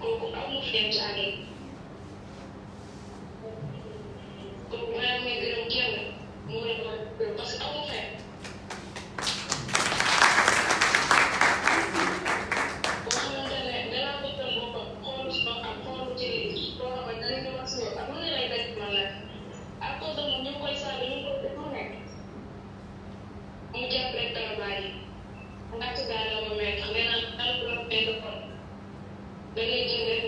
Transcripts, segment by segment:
公共付费车里。Yeah, I'm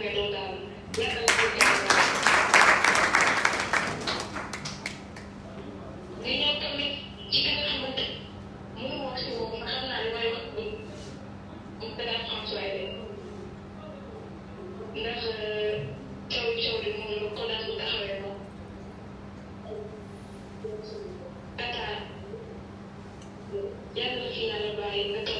looking at a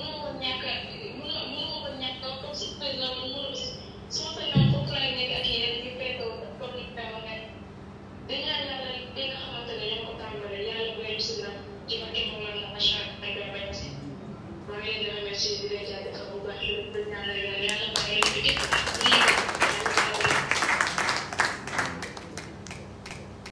Korean university, they had a couple of hundred, but now they're going to have a